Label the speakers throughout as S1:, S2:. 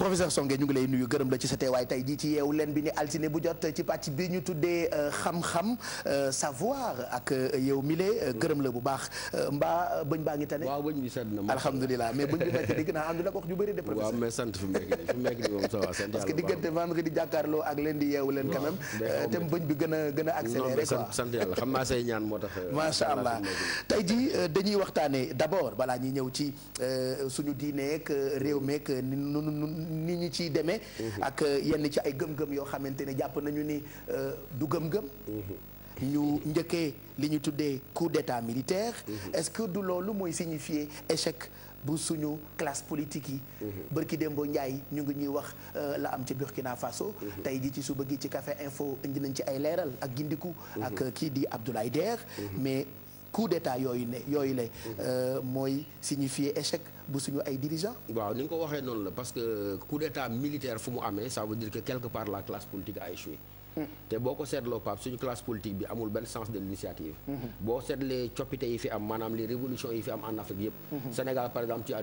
S1: professeur Songué ñu ngi lay nuyu gërëm la ci sa teewaay tey jii ci yeewu leen bi ni altine bu jot ci pàcc bi ñu tuddee euh, xam-xam euh, savoir ak euh, yow mile gërëm la bu baax mbaa bëñ baa ngi tane. waaw bëñ bi sedd na alhamdulilah mais bëñ bi tane dégg naa ànd na wax ju bëri de professeur. waaw mais jàkkaarloo ak leen di yeewu leen quand te bëñ bi gën a gën a accéléré quoi sant yàlla xam naa say ñaan moo tax macha allah tey jii dañuy waxtaane d'abord balaa ñuy ñëw ci suñu diineek réew meek ni ñu ciy demee mm-hmm. ak euh, yenn ci ay gëm-gëm yoo xamante ne jàpp nañu ni euh, du gëm-gëm mm-hmm. ñu njëkkee li ñu tuddee coup d'état militaire mm-hmm. est-ce que du loolu mooy signifier échec bu suñu classe politique yi bërki Dembo Ndiaye ñu ngi ñuy wax euh, la am ci Burkina Faso tey ji ci suba gi ci Café Info indi nañ ci ay leeral ak gindiku ak kii di Abdoulaye Der mais coup d'état yooyu ne yooyu le euh, mooy signifier échec bu suñu ay dirigeants. waaw ni nga ko waxee noonu la parce que coup d'état militaire fu mu amee ça veut dire que quelque part la classe politique a échoué. te boo ko seetloo Pape suñu classe politique bi amul benn sens de l'initiative boo seetlee coppite yi fi am maanaam les révolutions yi fi am en Afrique yëpp Sénégal par exemple ci à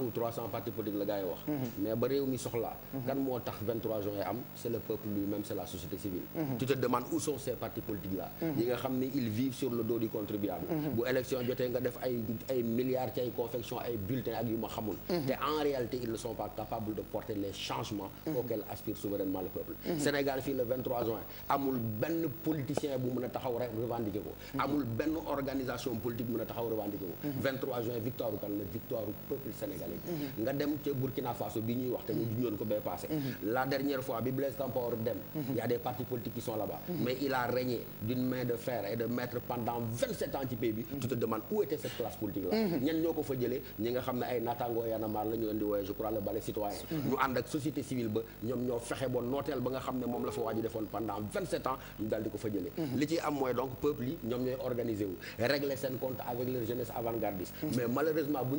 S1: ou trois cent la gars wax mais ba réew mi soxlaa kan moo tax am c'est le peuple lui-même c'est la société civile tu te demandes où sont ces partis politiques là yi nga xam ne ils vivent sur le dos du contribuable bu élection jotee nga def ay ay ci ay confection ay ma adjoint amul benn politicien bu mën a taxaw rek ko mm-hmm. amul benn organisation politique mën a taxaw revendiquer ko mm-hmm. juin victoire u kan la victoire u peuple sénégalais mm-hmm. nga dem ca Burkina Faso bi ñuy wax te ñu ñoon ko bay passé la dernière fois bi Blaise Compaoré dem il y a des partis politiques mais il a régné d'une main de fer et de maître pendant 27 ans ci bi tu te demandes où était cette classe politique là ñan ñoo ko fa jëlee ñi nga xam pendant vingt sept di ko fa jëlee mhm. li ci am mooy donc peuple yi ñoom ñooy organiser régler seen compte avec leur jeunesse avant-gardiste mhm. mais malheureusement bu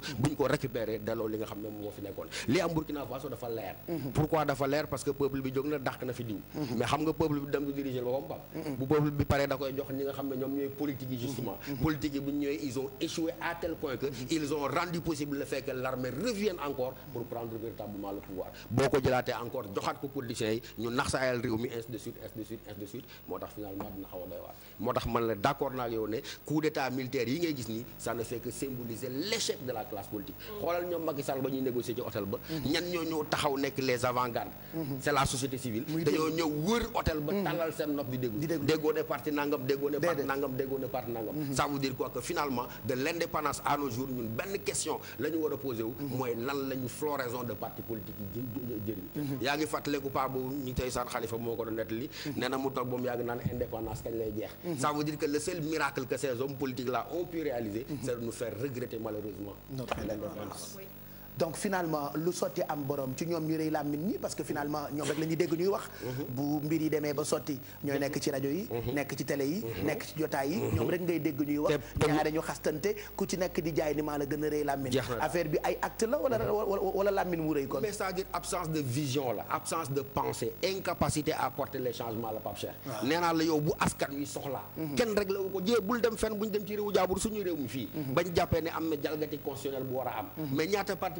S1: ñu mhm. ko récupérer daloo li nga xam ne moo fi nekkoon li am Burkina Faso dafa leer pourquoi dafa leer parce que peuple bi jóg na dàq na fi diw mais xam nga peuple bi dem du diriger boppam pam bu peuple bi paree da koy jox ñi nga xam ne ñoom ñooy politique justement politique yi bu ñu ñëwee ils ont échoué l'armée revienne encore pour prendre véritablement le pouvoir boo ko jëlaatee encore joxaat ko politiciens yi ñu naxsaayal réew mi ainsi de suite de suite ainsi de suite moo tax finalement dina xaw a doy waar moo tax man la d'accord naa yow ne coup d'état militaire yi ngay gis nii ça ne fait symboliser l'échec de la classe politique xoolal ñoom Macky Sall ba ñuy négocier ci hôtel ba ñan ñoo ñëw taxaw nekk les avant-gardes c'est société civile posé wu. Mhm. mooy lan lañu floraison de parti politique yi jë jëriñ. Mhm. yaa ngi fàttaleku paa boobu ñu tey saan xalifa moo ko doon nettali. Mhm. nee na mu toog ba mu yàgg naan indépendance kañ lay jeex. ça veut dire que le seul miracle que ces hommes politiques là ont réaliser. c'est de nous regretter malheureusement. notre indépendance. donc finalement lu sotti am borom ci ñoom ñu rëy làmmiñ ñi parce que finalement ñoom rek la dégg ñuy wax mhm. bu mbir yi demee ba sotti ñooy nekk ci rajo yi mhm. nekk ci télé yi mhm. nekk ci jotaay yi ñoom rek ngay dégg ñuy wax ñaare ku ci di jaay ni maa la la wala wala làmmiñ absence de vision la absence de pensée incapacité à porter les changements la Pape Cheikh ah. nee la yow bu askan wi soxlaa kenn rek la wu ko jee bul dem fenn bu ñu dem ci réewu jaabur suñu réew mi fii bañ jàppee ne am na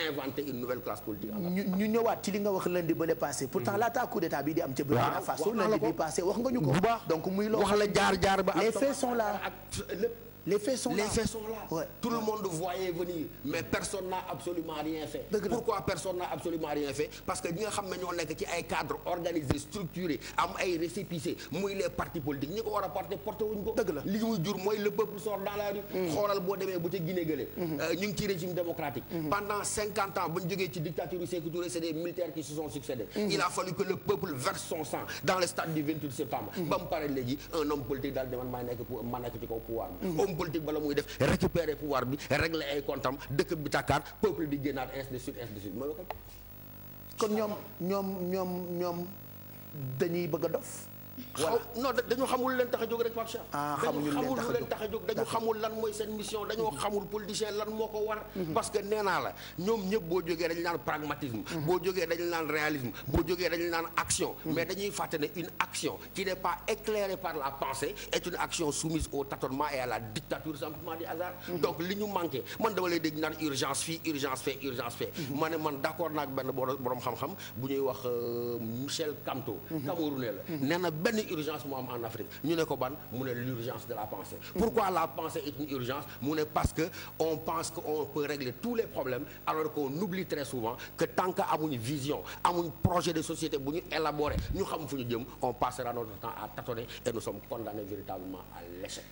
S1: réinventer une nouvelle classe politique. ñu ñëwaat ci li nga wax lundi bële passé. pourtant mm-hmm. laata coup d'état bi di am ca Burkina Faso lundi bi passé wax nga ñu ko. bu donc muy loo wax la jaar jaar ba. les faits sont les faits sont les tout le monde voyait venir mais personne n'a absolument rien fait. pourquoi personne n'a absolument rien fait parce que ñi xam ne ñoo nekk ci ay cadres organisés structurés am ay récépissés muy les partis politiques ñi ko war a porter porter wuñ li muy jur mooy le peuple sort dans la rue. Mm. xoolal boo demee bu ca Guinée gële. Mm-hmm. Euh, ñu ngi régime démocratique. Mm-hmm. pendant ans bu ñu ci dictature Sékou c'est des militaires qui se sont succédé. Mm-hmm. il politique bala muy def récupérer pouvoir bi régler ay comptam dëkk bi tàkkaar peuple bi génnaat est de sud est de sud kon ñoom ñoom ñoom ñoom dañuy bëgg a dof xaw non dañu xamul leen tax a jóg rek Pape Cheikh. ah a jóg dañu xamul lan mooy seen mission dañoo mhm. xamul politicien lan moo ko war. Mhm. parce que nee naa la ñoom ñëpp boo jógee dañu naan pragmatisme. Mhm. boo jógee dañu naan réalisme boo jógee dañu naan action. mais dañuy fàtte ne une action qui n'est pas éclairée par la pensée est une action soumise au tâtonnement et la dictature simplement du hasard. donc li ñu manqué man dama lay dégg naan urgence fii urgence fee urgence fee. ma ne man d'accord naa ak benn borom xam bu ñuy wax euh, Michel Camto. Camerounais la la urgence mu en Afrique ne ko ban mu ne l'urgence de la pensée pourquoi la pensée est une urgence mu ne parce que on pense que on peut régler tous les problèmes alors qu'on oublie très souvent que tant que amuñ vision amuñ projet de société bu ñu élaboré ñu xam fu ñu jëm on passera notre temps à tâtonner et nous sommes condamnés véritablement à l'échec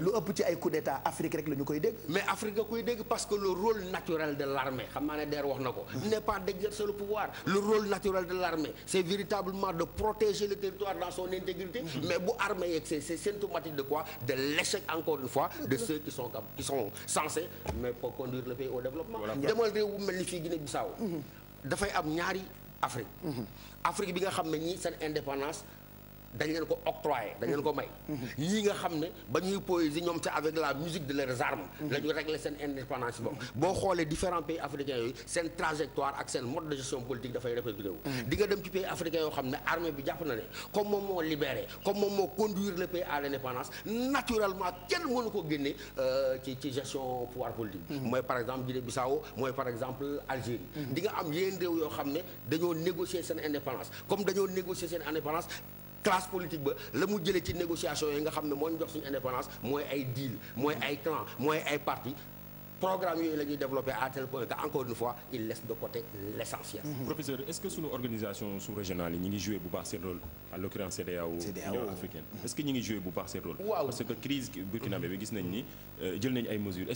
S1: lu ëpp ci ay coup d'état Afrique rek la koy dégg. mais Afrique nga koy dégg parce que le rôle naturel de l'armée xam naa ne Der wax na ko. Hmm. n'est pas d'exercer le pouvoir. le rôle naturel de l'armée c'est véritablement de protéger le territoire dans son intégrité. Hmm. mais bu armée yeeg c'est symptomatique de quoi de l'échec encore une fois de ceux qui sont qui mais pour conduire le pays au développement. demal réew bu ni fii Guinée-Bissau hmm. dafay am bi nga xam ne ñii seen dañ leen ko octroyé dañ leen ko may ñii nga xam ne ba ñuy poésie ñoom ca avec la musique de leurs armes la ñu seen indépendance boobu boo xoolee différents pays africains yooyu seen trajectoire ak seen mode de gestion politique dafay répercuté wu di nga dem ci pays africains yoo xam ne armée bi jàpp na ne comme moom moo libéré comme moom moo conduire le pays à l'indépendance naturellement kenn mënu ko génne euh, ci ci gestion pouvoir politique mooy par exemple Guinée-Bissau mooy par exemple nga am yeneen yoo xam ne dañoo négocier seen indépendance comme dañoo négocier seen indépendance classe politique ba la mu jëlee ci négociation yi nga xam ne moo ñu jox suñu indépendance mooy ay deal mooy ay clan mooy ay parti programme yooyu la ñuy développé à tel que encore une fois il laisse de côté l' mm-hmm. professeur est ce que suñu organisation sous régionale yi ñu ngi joué bu baax seen rôle à l' occurrence CEDEAO Union africaine mm-hmm. est ce que ñu ngi joué bu baax seen rôle. waaw parce que crise burkinabé bi gis nañ ni euh, jël nañ ay mesures euh,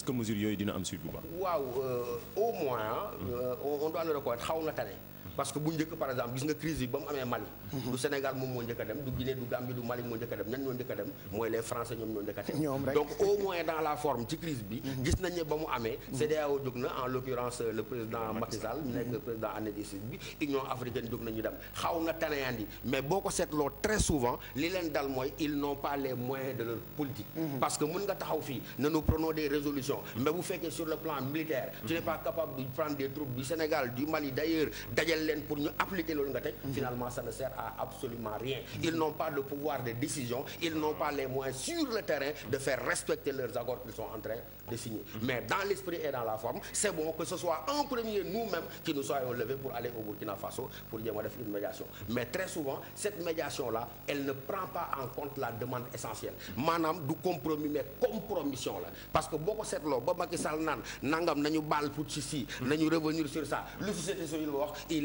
S1: euh, xaw na tane. parce que bu njëkk par exemple gis nga crise bi ba mu amee Mali mhm. du Sénégal moom moo njëkk a dem du Guinée du Gambie du Mali moo njëkk a dem ñan ñoo njëkk dem mooy les Français ñoom ñoo njëkk dem donc au moins dans la forme ci crise bi mhm. gis nañ ba mu amee mhm. CEDEAO jóg na en l'occurrence le président Macky nekk président année du Sud fii ne nous prenons des résolutions mais bu fekkee sur le plan militaire tu n'es pas capable de prendre des troupes du Sénégal du Mali d'ailleurs dajale teel leen pour ñu appliquer loolu nga teg mhm. finalement ça ne sert à absolument rien ils n'ont pas le pouvoir de décision ils n'ont pas les moyens sur le terrain de faire respecter leurs accords qu'ils sont en train de signer mhm. mais dans l'esprit et dans la forme c'est bon que ce soit en premier nous-mêmes qui nous soyons levés pour aller au Burkina Faso pour jéem a def une médiation mais très souvent cette médiation là elle ne prend pas en compte la demande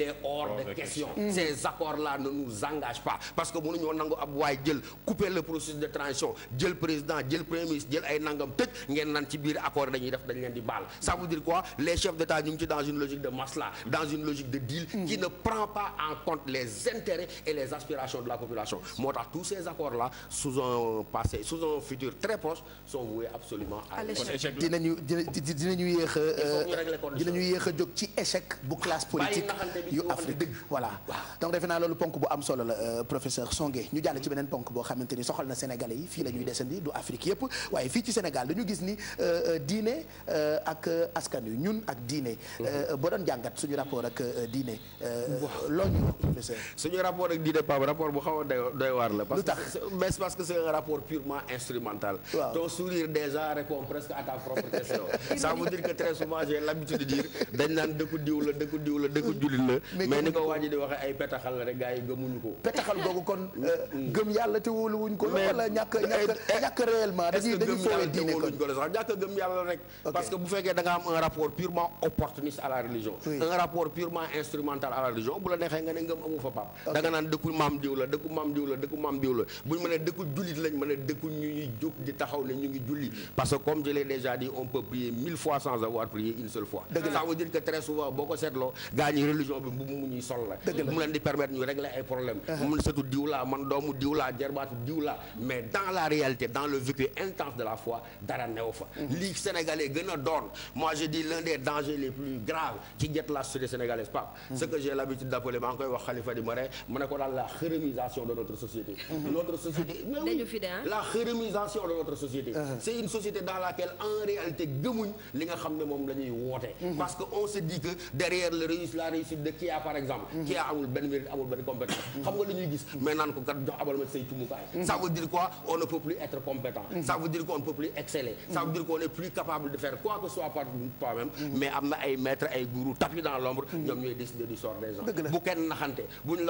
S1: est hors de question ces accords là ne nous engagent pas parce que mënuñoo nangu ab waay jël couper le processus de transition jël président jël premier ministre jël ay nangam tëj ngeen naan ci biir accord dañuy def dañ leen di baal ça veut dire quoi les chefs d'État ñu ngi ci dans une logique de masla dans une logique de deal hmm. qui ne prend pas en compte les intérêts et les aspirations de la population moo tax tous ces accords là sous un passé sous un futur très proche sont voués absolument à l'échec dinañu dinañu yéex a euh, dinañu yéex a jóg ci échec bu classe politique yu Afrique voilà donc defe naa loolu ponk bu am solo la euh, professeur Songué ñu jàll ci beneen ponk boo xamante ni soxal na Sénégalais yi fii la ñuy desandi du Afrique yëpp waaye fii ci Sénégal dañu gis ni euh, euh, diine ak askan wi ñun ak diine mhm. boo doon jàngat suñu rapport ak diine loo ñu wax professeur suñu rapport ak diine Pape rapport bu xaw a doy waar la parce que parce que c'est un rapport purement instrumental ton sourire déjà répond presque à ta propre question ça veut dire dañ naan dëkku diw la dëkku diw la dëkku jullit la mais ni ko waaji di waxee ay petaxal la rek gars yi gëmuñu ko petaxal googu kon euh, gëm yàlla te wóoluwuñ ko wala ñàkk ñàkk réellement dañuy dañuy fooyee diine ko a dëkku jullit lañ mën a ñuy jóg di taxaw ne ñu ngi julli parce que comme je l'ai déjà dit on peut prier mille fois sans avoir prié une seule fois ça veut dire que très souvent boo ko seetloo gars ñi religion bi mbubb mu ñuy sol la mu leen di permettre ñu régler ay problème ah. mun sëtu diw laa man doomu diw laa jarbaatu mais dans la réalité dans le vécu intense de la foi dara new fa mm-hmm. lii sénégalais gën a doon moi je dis l'un des dangers les plus graves qui guette la société sénégalaise Pape mm-hmm. ce que j'ai l'habitude d'appeler maa ngi koy wax Khalifa di Marais mu ne ko daal la xërëmisation de notre société mm-hmm. notre société ah. ah. c'est une société dans laquelle en réalité gëmuñ kii yaa mhm. amul benn mérite amul benn compétence mhm. xam nga la gis mais naan ko kat jox abonnement say cumukaay mhm. veut dire quoi on ne peut plus être compétent ça veut dire qu'on ne peut plus exceller ça veut dire quoi que soit par toi-même mais am na ay maître ay gourou tapis dans l'ombre ñoom ñooy décider du sort des gens bu kenn naxante bu ñu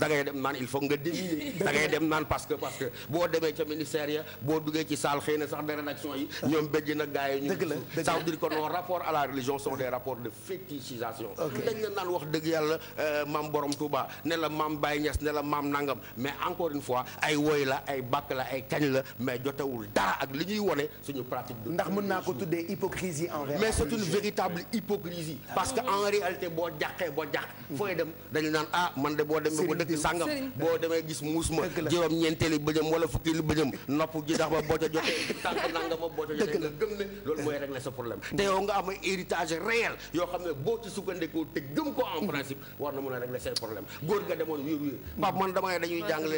S1: da ngay dem naan il faut nga que parce que boo demee ca ministère ya boo duggee ci salle xëy na ah. ñoom bëjj na gaay yi ñu ça veut que nos rapports à la religion sont des rapports de dañ la wax dëgg yàlla euh, maam borom Touba ne la maam Baye Niass ne la maam nangam mais encore une fois ay woy la ay bàkk la ay kañ la mais jotewul dara ak li ñuy wone suñu pratique ndax mën naa ko tuddee hypocrisie envers mais c'est une véritable hypocrisie parce que en réalité boo jàqee boo jàq fooy dem dañu naan ah man de boo demee ba dëgg sàngam boo demee gis muus ma juróom ñeenteeli bëjëm wala fukki li bëjëm nopp ji dax ba boo ca jotee tànk nangama boo ca jotee nga gëm ne loolu mooy régler te yow nga am héritage réel yoo xam ne boo ci sukkandikoo te gëm ko en principe war na mën a régler seen problème góor nga demoon wér wér mm-hmm. Pape man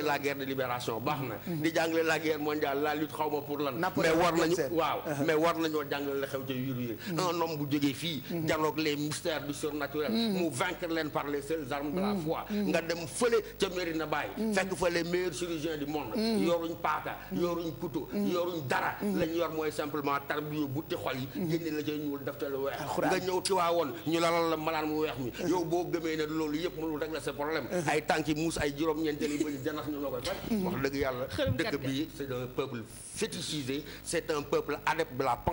S1: la guerre de baax na mm-hmm. di jàngale la guerre mondiale la lutte xaw ma pour lan mais war nañu waaw uh-huh. mais war nañoo jàngale la xew ca wér wér mm-hmm. un homme bu jógee fii janoog les mystères du surnaturel mu vaincre leen par les seules armes de la foi nga dem fële ca na Baye fekk fa les meilleurs chirurgiens du monde yoruñ paaka yoruñ couteau yoruñ dara lañ yor mooy simplement tarbiyo bu ti xol yi la ca ñuul def te lu weex nga ñëw tiwaawoon ñu lalal la malaan mu weex mi yow boo gëmee ne loolu yëpp mënul régler sa problème ay tànki muus ay juróom-ñeenteeli bëri janax ñu noo koy faj wax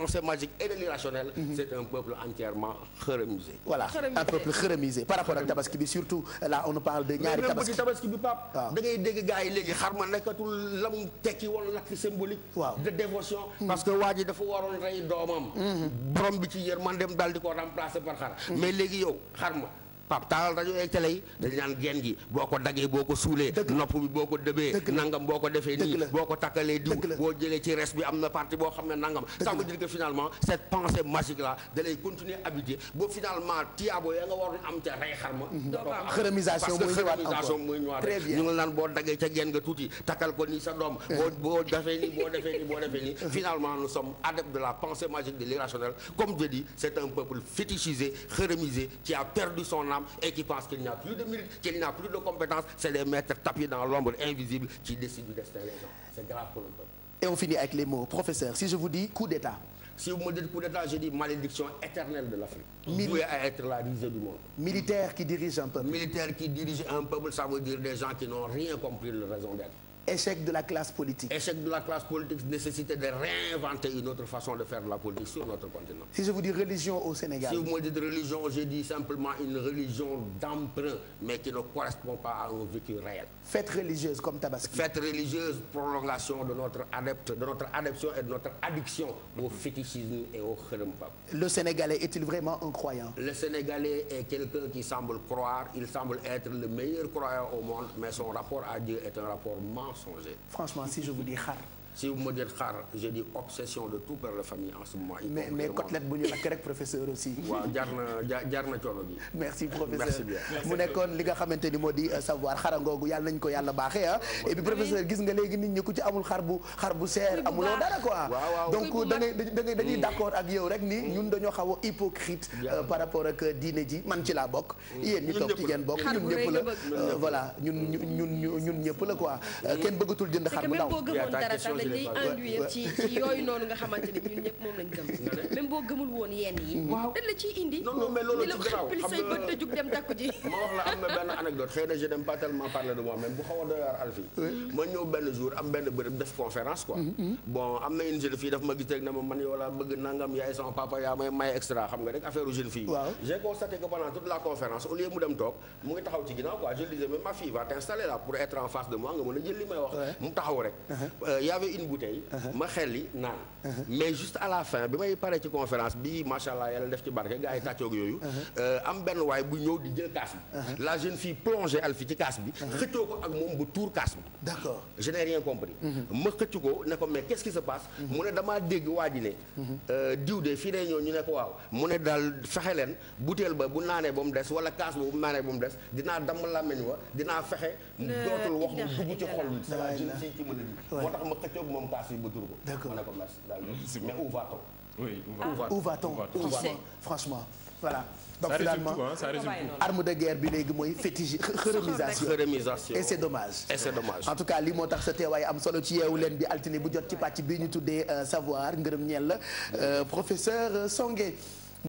S1: dëgg magique et de l'irrationnel c'est un peuple entièrement xërëmisé voilà un peuple xërëmisé par rapport ak tabaski bi surtout là on parle de ñaari tabaski bi pap ah. da dégg gars yi léegi xar ma nekkatul la mu tekki wala lakk symbolique de dévotion parce borom bi ci yërmandeem daal di ko remplacer par xar mm. mais léegi yow xar ma pap taalal rajo yeeg yi dañ naan genn gi boo ko daggee boo ko suulee nopp bi boo ko dëbee nangam boo ko defee nii boo ko takkalee diw boo jëlee ci res am na parti boo xam ne nangam ça veut dire que finalement cette pensée magique là da continuer habiter ba finalement tiyaabo ya nga waroon am ca rey xar ma mm-hmm. xërëmisation mooy ñu ngi naan boo daggee ca genn nga tuuti takkal ko nii sa doom boo boo defee nii boo defee nii mm-hmm. finalement nous sommes la pensée magique de âme et qui pense qu'il n'y a plus de mérite, qu'il n'y a plus de compétence, c'est les maîtres tapis dans l'ombre invisible qui décident du destin des gens. C'est grave pour le peuple. Et on finit avec les mots. Professeur, si je vous dis coup d'État. Si vous me dites coup d'État, je dis malédiction éternelle de l'Afrique. Mili à être la risée du monde. Militaire qui dirige un peuple. Militaire qui dirige un peuple, ça veut dire des gens qui n'ont rien compris de la raison d'être. Échec de la classe politique. Échec de la classe politique, nécessité de réinventer une autre façon de faire de la politique sur notre continent. Si je vous dis religion au Sénégal. Si vous dis religion d'emprunt, mais qui ne correspond pas à un vécu réel. Fête religieuse comme Tabaski. Fête religieuse, prolongation de notre adepte, de notre adeption et de notre addiction au fétichisme et au khërembab. Le Le Sénégalais est quelqu'un qui semble croire, il semble être le meilleur croyant au monde, songer. franchement si je vous dis xar. si vous me dites xaar je dis obsession de tout père de famille en ce moment. mais mais côtelette bu ñu lakk rek professeur aussi. jaar na jaar bi. merci professeur mu nekkoon li nga xamante ni moo di euh, savoir xarangoogu yàlla nañ ko yàlla baaxee ah. et puis professeur gis nga léegi nit ñi ku ci amul xar bu xar bu seer. amuloo dara quoi donc da ngay da ngay dañuy mm. d' accord ak yow rek ni mm. ñun dañoo xaw a hypocrite euh, par rapport ak euh, diine ji man ci laa bokk. Mm. yéen ñu toog ci ngeen bokk ñun ñëpp la. voilà ñun ñun ñun ñëpp la quoi. kenn bëggatul jënd xar bu ndaw dañ lay induire ci ci yooyu noonu nga xamante moom lañ gëm même boo gëmul woon yenn yi dañ la ciy indi non non loolu ci garaaw xam say bët te dem takku ji ma wax la am na benn anecdote xëy na je pas tellement parler de moi même bu xaw a doy waar Alfi ma ñëw benn jour am benn bërëb def conférence quoi mm-hmm, mm-hmm. bon am na une jeune fille daf ma gis rek na ma man yow laa bëgg nangam yaay sama papa yaa may extra xam nga rek affaire jeune fille j'ai constaté que pendant toute la conférence au mu dem toog mu ngi taxaw a li may taxaw rek uh-huh. euh, une bouteille. Uh-huh. ma xel li naan. Uh-huh. mais juste à la fin bi may paree ci conférence bi macha allah yàlla def ci barke gars yi tàccoog yooyu. Uh-huh. Euh, am benn waay bu ñëw di jël kaas bi. la jeune fii plongée alfi ci kaas bi. xëccoo ko ak moom bu tuur kaas bi. d'accord je n'ai rien compris. ma xëcc ko ne ko mais qu'est-ce qui se passe. mu ne damaa dégg waa ji ne. Euh, diw de fii de ñëw ñu ne ko waaw mu ne daal fexe leen butéel ba bu naanee ba mu des wala kaas ba bu naanee ba mu des dinaa damm làmmeñ wa dinaa fexe. dootul tëb moom kaas yi ma ne ko merci daal mais où t on oui où va ah, franchement voilà. donc finalement arme de mooy fétiche xëremisation c'est dommage et c'est dommage en tout cas lii moo tax sa am solo ci yeewu bi altine bu jot ci pàcc bi ñu tuddee euh, savoir ngërëm ñeel la euh, professeur Songué